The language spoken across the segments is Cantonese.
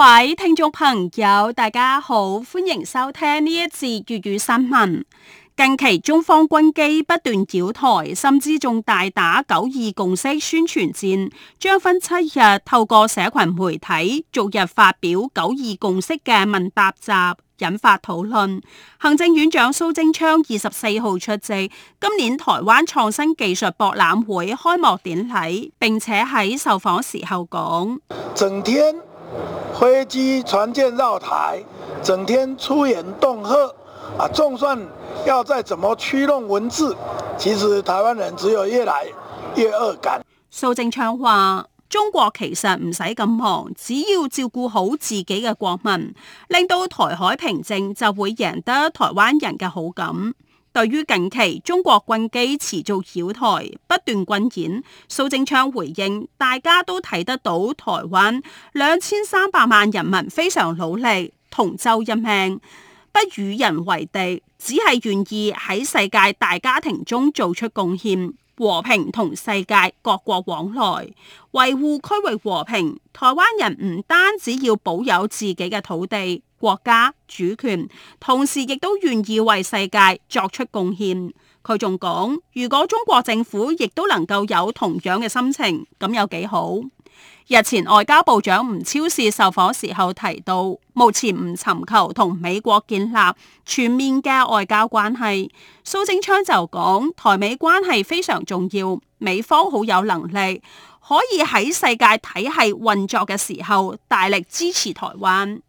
各位聽眾朋友，大家好，歡迎收聽呢一節粵語新聞。近期中方軍機不斷繞台，甚至仲大打“九二共識”宣傳戰，將分七日透過社群媒體逐日發表“九二共識”嘅問答集，引發討論。行政院長蘇貞昌二十四號出席今年台灣創新技術博覽會開幕典禮，並且喺受訪時候講：整天。飛機、船艦繞台，整天出言恫嚇，啊！就算要再怎麼屈弄文字，其實台灣人只有越來越惡感。蘇貞昌話，中國其實唔使咁忙，只要照顧好自己嘅國民，令到台海平靜，就會贏得台灣人嘅好感。對於近期中國軍機持續擾台、不斷軍演，蘇貞昌回應：大家都睇得到台灣兩千三百萬人民非常努力，同舟一命，不與人為敵，只係願意喺世界大家庭中做出貢獻，和平同世界各國往來，維護區域和平。台灣人唔單止要保有自己嘅土地，國家主權，同時亦都願意為世界作出貢獻。佢仲講，如果中國政府亦都能夠有同樣嘅心情，咁有幾好。日前外交部長吳釗燮受訪時候提到，目前唔尋求同美國建立全面嘅外交關係。蘇貞昌就講，台美關係非常重要，美方好有能力可以喺世界體系運作嘅時候，大力支持台灣。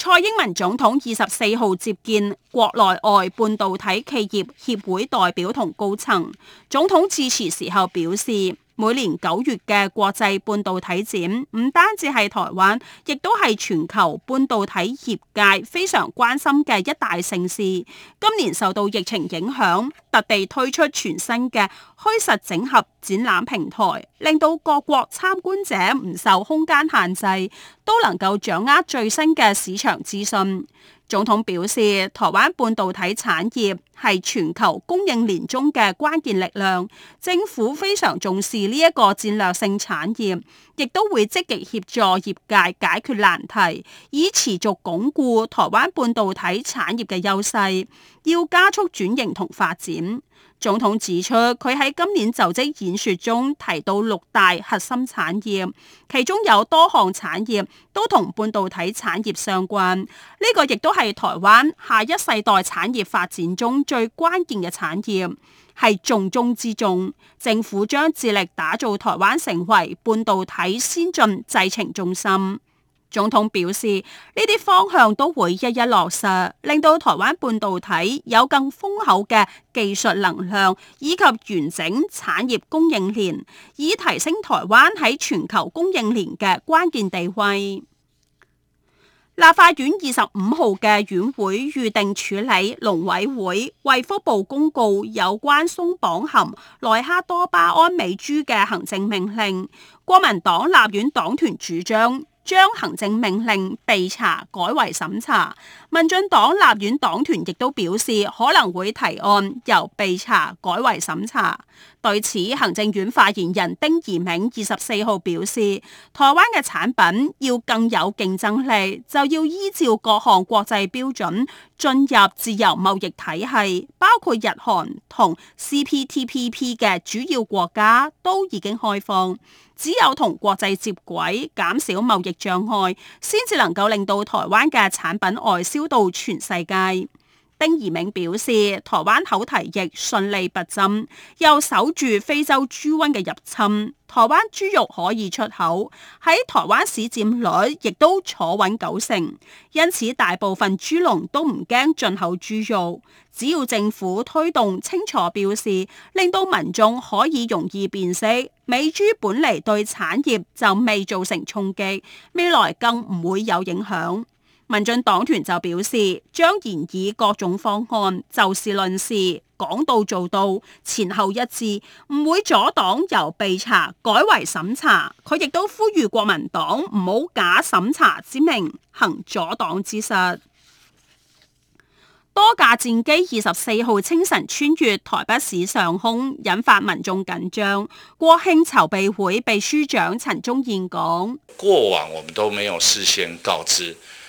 蔡英文總統二十四號接見國內外半導體企業協會代表同高層，總統致辭時候表示，每年九月嘅國際半導體展唔單止係台灣，亦都係全球半導體業界非常關心嘅一大盛事。今年受到疫情影響，特地推出全新嘅虛實整合展覽平台，令到各國參觀者唔受空間限制，都能夠掌握最新嘅市場資訊。總統表示，台灣半導體產業係全球供應鏈中嘅關鍵力量，政府非常重視呢一個戰略性產業，亦都會積極協助業界解決難題，以持續鞏固台灣半導體產業嘅優勢。要加速轉型同發展，總統指出，佢喺今年就職演說中提到六大核心產業，其中有多項產業都同半導體產業相關。呢個亦都係台灣下一世代產業發展中最關鍵嘅產業，係重中之重。政府將致力打造台灣成為半導體先進製程中心。總統表示，呢啲方向都會一一落實，令到台灣半導體有更豐厚嘅技術能量以及完整產業供應鏈，以提升台灣喺全球供應鏈嘅關鍵地位。立法院二十五號嘅院會預定處理農委會、衛福部公告有關鬆綁含萊克多巴胺美豬嘅行政命令，國民黨立院黨團主張，將行政命令備查改為審查，民進黨立院黨團亦都表示可能會提案由備查改為審查。對此，行政院發言人丁怡銘二十四號表示，台灣嘅產品要更有競爭力，就要依照各項國際標準進入自由貿易體系，包括日韓同 CPTPP 嘅主要國家都已經開放，只有同國際接軌，減少貿易障礙，先至能夠令到台灣嘅產品外銷到全世界。丁怡銘表示，台灣口蹄疫順利拔針，又守住非洲豬瘟嘅入侵，台灣豬肉可以出口，喺台灣市佔率亦都坐穩九成，因此大部分豬農都唔驚進口豬肉，只要政府推動清楚表示，令到民眾可以容易辨識，美豬本嚟對產業就未造成衝擊，未來更唔會有影響。民進黨團就表示，將嚴以各種方案，就事、是、論事，講到做到，前後一致，唔會阻擋由備查改為審查。佢亦都呼籲國民黨唔好假審查之名行阻擋之實。多架戰機二十四號清晨穿越台北市上空，引發民眾緊張。國慶籌備會秘書長陳忠燕講，過往我們都沒有事先告知。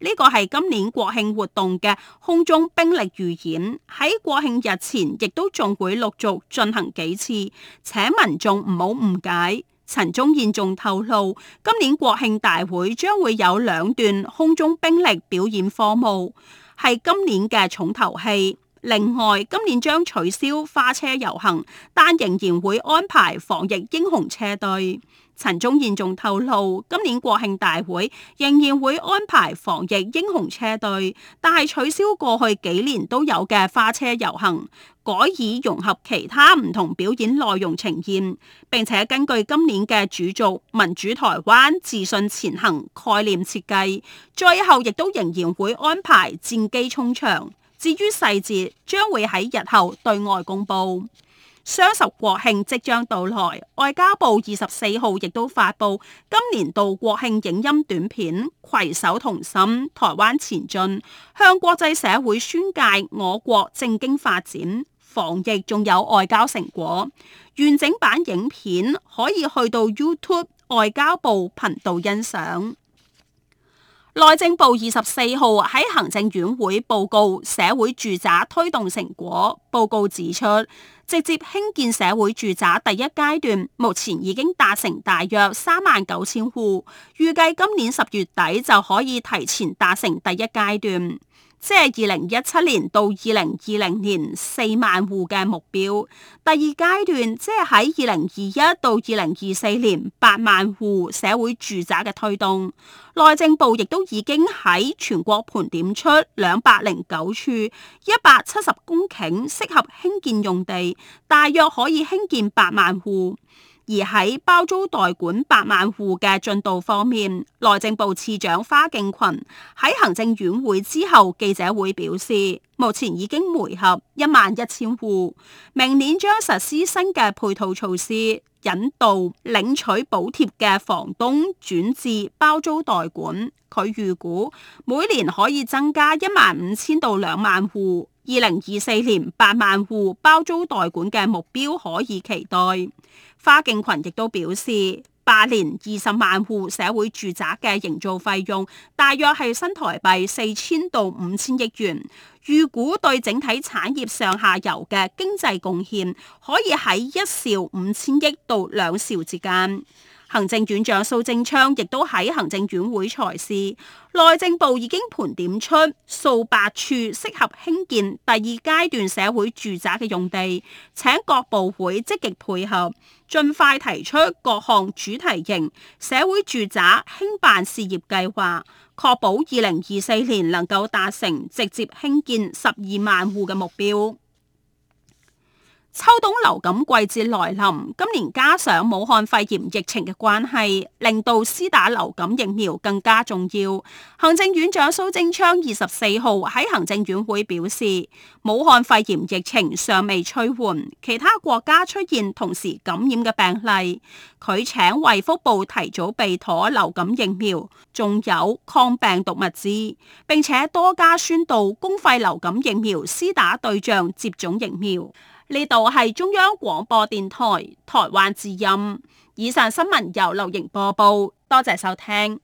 呢個係今年國慶活動嘅空中兵力預演，喺國慶日前亦都仲會陸續進行幾次，請民眾唔好誤解。陳宗燕仲透露，今年國慶大會將會有兩段空中兵力表演科目，係今年嘅重頭戲。另外，今年將取消花車遊行，但仍然會安排防疫英雄車隊。陳忠燕仲透露，今年國慶大會仍然會安排防疫英雄車隊，但係取消過去幾年都有嘅花車遊行，改以融合其他唔同表演內容呈現，並且根據今年嘅主軸“民主台灣自信前行”概念設計，最後亦都仍然會安排戰機衝場。至於細節，將會喺日後對外公布。雙十國慶即將到來，外交部二十四號亦都發布今年度國慶影音短片《攜手同心，台灣前進》，向國際社會宣介我國政經發展、防疫仲有外交成果。完整版影片可以去到 YouTube 外交部頻道欣賞。內政部二十四號喺行政院會報告社會住宅推動成果。報告指出，直接興建建社會住宅第一階段目前已經達成大約三萬九千戶，預計今年十月底就可以提前達成第一階段。即係二零一七年到二零二零年四萬戶嘅目標，第二階段即係喺二零二一到二零二四年，八萬戶社會住宅嘅推動。內政部亦都已經喺全國盤點出兩百零九處一百七十公頃適合興建用地，大約可以興建八萬戶。而喺包租代管八萬戶嘅進度方面，內政部次長花敬群喺行政院會之後記者會表示，目前已經媒合一萬一千戶，明年將實施新嘅配套措施，引導領取補貼嘅房東轉至包租代管。佢預估每年可以增加一萬五千到兩萬戶，二零二四年八萬戶包租代管嘅目標可以期待。花敬群亦都表示，八年二十萬戶社會住宅嘅營造費用，大約係新台幣四千到五千億元，預估對整體產業上下游嘅經濟貢獻，可以喺一兆五千億到兩兆之間。行政院長蘇貞昌亦都喺行政院會裁示，內政部已經盤點出數百處適合興建第二階段社會住宅嘅用地，請各部會積極配合，盡快提出各項主題型社會住宅興辦事業計劃，確保二零二四年能夠達成直接興建十二萬戶嘅目標。秋冬流感季節來臨，今年加上武漢肺炎疫情嘅關係，令到施打流感疫苗更加重要。行政院長蘇貞昌二十四號喺行政院會表示，武漢肺炎疫情尚未趨緩，其他國家出現同時感染嘅病例，佢請衛福部提早備妥流感疫苗，仲有抗病毒物資，並且多加宣導公費流感疫苗施打對象接種疫苗。呢度係中央廣播電台台灣之音，以上新聞由劉瑩播報，多謝收聽。